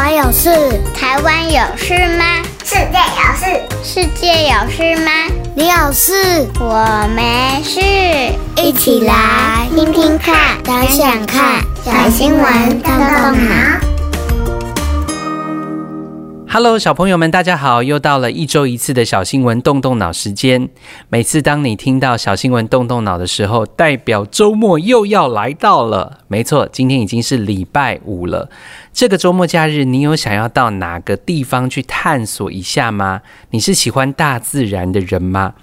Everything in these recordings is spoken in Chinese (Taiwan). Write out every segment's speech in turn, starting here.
我有事，台灣有事嗎？世界有事，世界有事嗎？你有事，我沒事。沒事一起來聽聽看，想想看，看，看，小新聞，動動腦。Hello，小朋友們，大家好！又到了一周一次的小新聞動動腦時間。每次當你聽到小新聞動動腦的時候，代表周末又要來到了。沒錯，今天已經是禮拜五了。這個周末假日，你有想要到哪個地方去探索一下嗎？你是喜歡大自然的人嗎？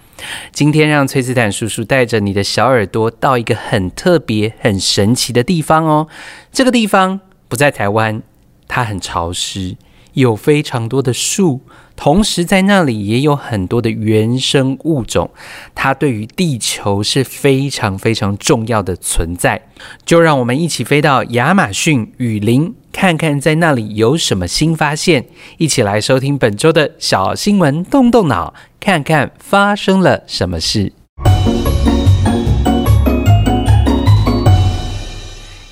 今天讓崔斯坦叔叔帶着你的小耳朵到一個很特別、很神奇的地方哦。這個地方不在台灣，它很潮濕。有非常多的樹，同時在那裡也有很多的原生物種，它對於地球是非常非常重要的存在。就讓我們一起飛到亞馬遜雨林，看看在那裡有什麼新發現。一起來收聽本周的小新聞，動動腦，看看發生了什麼事。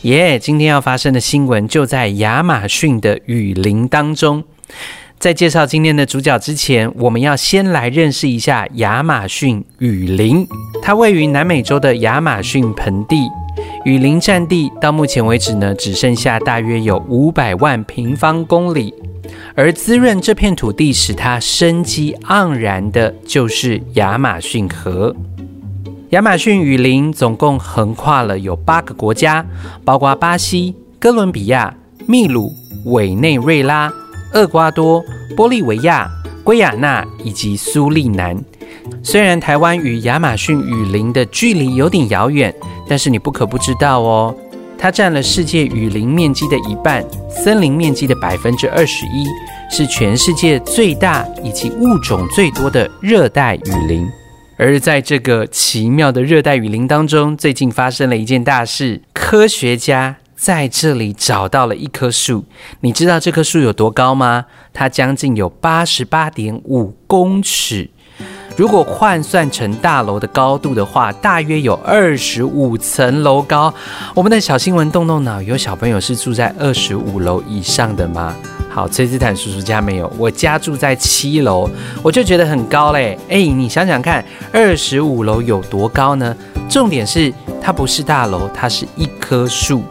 耶、yeah！今天要發生的新聞就在亞馬遜的雨林當中。在介紹今天的主角之前，我們要先來認識一下亞馬遜雨林。它位於南美洲的亞馬遜盆地，雨林佔地到目前為止呢，只剩下大約有五百萬平方公里。而滋潤這片土地，使它生機盎然的，就是亞馬遜河。亞馬遜雨林總共橫跨了有八個國家，包括巴西、哥倫比亞、秘魯、委內瑞拉、厄瓜多、玻利維亞、圭亞那以及蘇利南。雖然台灣與亞馬遜雨林的距離有點遙遠，但是你不可不知道哦，它占了世界雨林面積的一半，森林面積的百分之二十一，是全世界最大以及物種最多的熱帶雨林。而在這個奇妙的熱帶雨林當中，最近發生了一件大事。科學家在這裡找到了一棵樹。你知道這棵樹有多高嗎？它將近有八十八點五公尺。如果換算成大樓的高度的話，大約有二十五層樓高。我們的小新聞，動動腦，有小朋友是住在二十五樓以上的嗎？好，崔斯坦叔叔家沒有，我家住在七樓，我就覺得很高嘞，欸。哎，欸，你想想看，二十五樓有多高呢？重點是它不是大樓，它是一棵樹，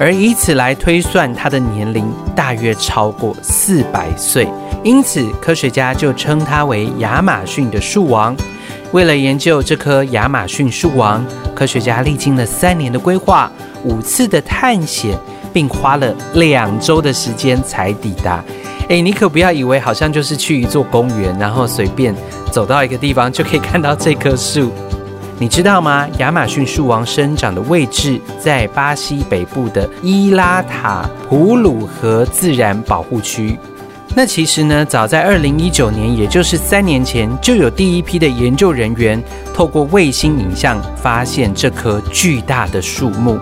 而以此來推算它的年齡，大約超過四百歲，因此科學家就稱它為亞馬遜的樹王。為了研究這棵亞馬遜樹王，科學家歷經了三年的規劃，五次的探險。並花了兩週的時間才抵達。誒，你可不要以為好像就是去一座公園，然後隨便走到一個地方就可以看到這棵樹。你知道嗎？亞馬遜樹王生長的位置在巴西北部的伊拉塔普魯河自然保護區。那其實呢，早在二零一九年，也就是三年前，就有第一批的研究人員透過衛星影像發現這棵巨大的樹木。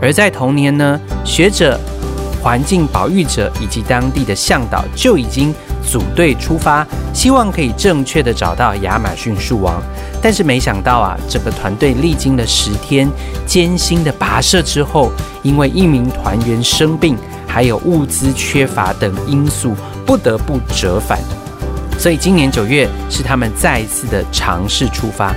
而在同年呢，學者、環境保育者以及當地的向導就已經組隊出發，希望可以正確地找到亞馬遜樹王。但是沒想到啊，整個團隊歷經了十天艱辛的跋涉之後，因為一名團員生病，還有物資缺乏等因素，不得不折返。所以今年九月是他們再一次的嘗試出發。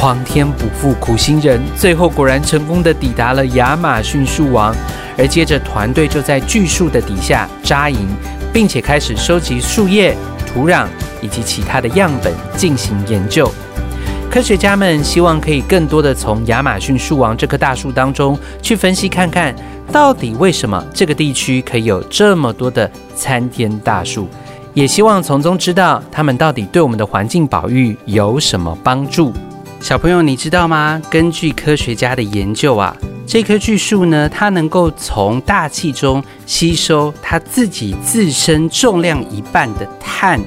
皇天不負苦心人，最後果然成功的抵達了亞馬遜樹王。而接着，團隊就在巨樹的底下紮營，並且開始收集樹葉、土壤以及其他的樣本進行研究。科學家們希望可以更多的從亞馬遜樹王這棵大樹當中去分析看看到底為什麼這個地區可以有這麼多的參天大樹，也希望從中知道它們到底對我們的環境保育有什麼幫助。小朋友，你知道嗎？根據科學家的研究啊，這棵巨樹呢，它能夠從大氣中吸收它自己自身重量一半的碳。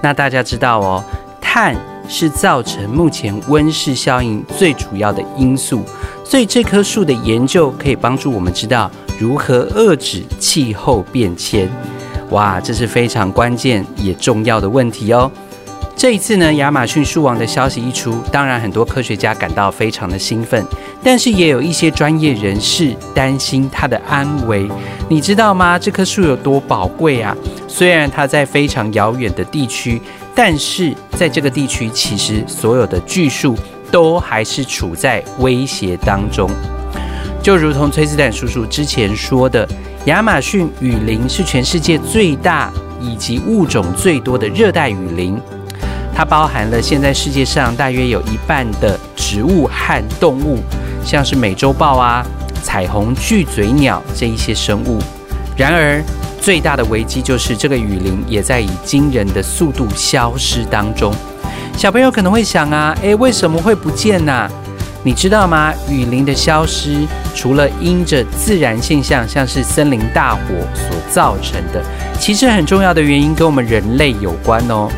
那大家知道哦，碳是造成目前溫室效應最主要的因素。所以這棵樹的研究可以幫助我們知道如何遏制氣候變遷。哇，這是非常關鍵也重要的問題哦。這一次呢，亞馬遜樹王的消息一出，當然很多科學家感到非常的興奮，但是也有一些專業人士擔心它的安危。你知道嗎？這棵樹有多寶貴啊！雖然它在非常遙遠的地區，但是在這個地區，其實所有的巨樹都還是處在威脅當中。就如同崔斯坦叔叔之前說的，亞馬遜雨林是全世界最大以及物種最多的熱帶雨林。它包含了現在世界上大約有一半的植物和動物，像是美洲豹啊、彩虹巨嘴鳥這一些生物。然而，最大的危機就是這個雨林也在以驚人的速度消失當中。小朋友可能會想啊，欸，為什麼會不見呢？你知道嗎？雨林的消失，除了因着自然現象，像是森林大火所造成的，其實很重要的原因跟我們人類有關哦。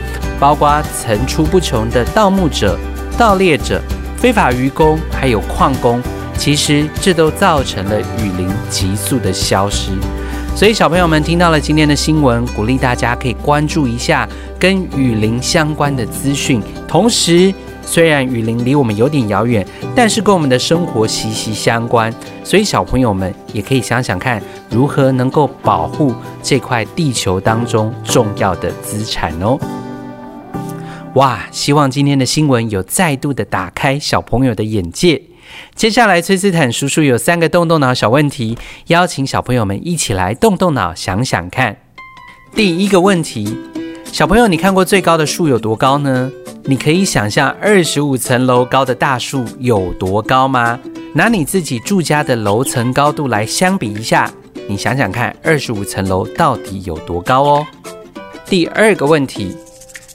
包括層出不窮的盜墓者、盜獵者、非法漁工，還有礦工，其實這都造成了雨林急速的消失。所以小朋友們聽到了今天的新聞，鼓勵大家可以關注一下跟雨林相關的資訊。同時，雖然雨林離我們有點遙遠，但是跟我們的生活息息相關。所以小朋友們也可以想想看，如何能夠保護這塊地球當中重要的資產哦。哇，希望今天的新聞有再度的打開小朋友的眼界。接下來，崔斯坦叔叔有三個動動腦小問題，邀請小朋友們一起來動動腦，想想看。第一個問題，小朋友，你看過最高的樹有多高呢？你可以想象二十五層樓高的大樹有多高嗎？拿你自己住家的樓層高度來相比一下，你想想看，二十五層樓到底有多高哦。第二個問題。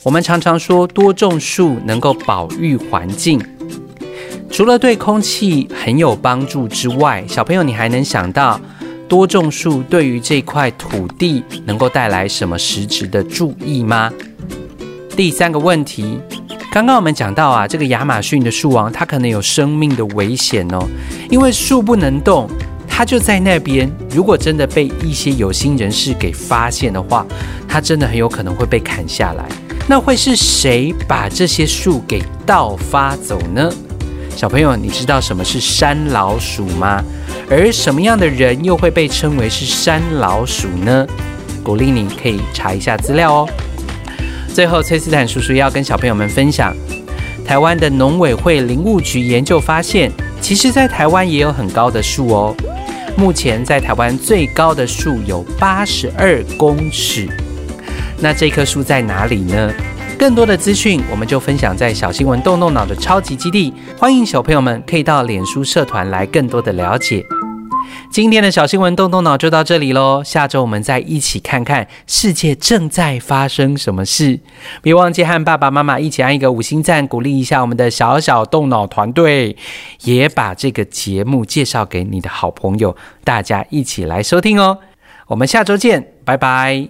我們常常說多種樹能夠保育環境，除了對空氣很有幫助之外，小朋友你還能想到多種樹對於這塊土地能夠帶來什麼實質的注意嗎？第三個問題，剛剛我們講到啊，這個亞馬遜的樹王它可能有生命的危險哦，因為樹不能動，它就在那邊。如果真的被一些有心人士給發現的話，它真的很有可能會被砍下來。那會是誰把這些樹給盜伐走呢？小朋友，你知道什麼是山老鼠嗎？而什麼樣的人又會被稱為是山老鼠呢？鼓勵你可以查一下資料哦。最後，崔斯坦叔叔要跟小朋友們分享，台灣的農委會林務局研究發現，其實在台灣也有很高的樹哦。目前在台灣最高的樹有八十二公尺。那這棵樹在哪裡呢？更多的資訊我們就分享在小新聞動動腦的超級基地，歡迎小朋友們可以到臉書社團來更多的了解。今天的小新聞動動腦就到這裡嘍，下周我們再一起看看世界正在發生什麼事。別忘記和爸爸媽媽一起按一個五星讚，鼓勵一下我們的小小動腦團隊，也把這個節目介紹給你的好朋友，大家一起來收聽哦。我們下周見，拜拜。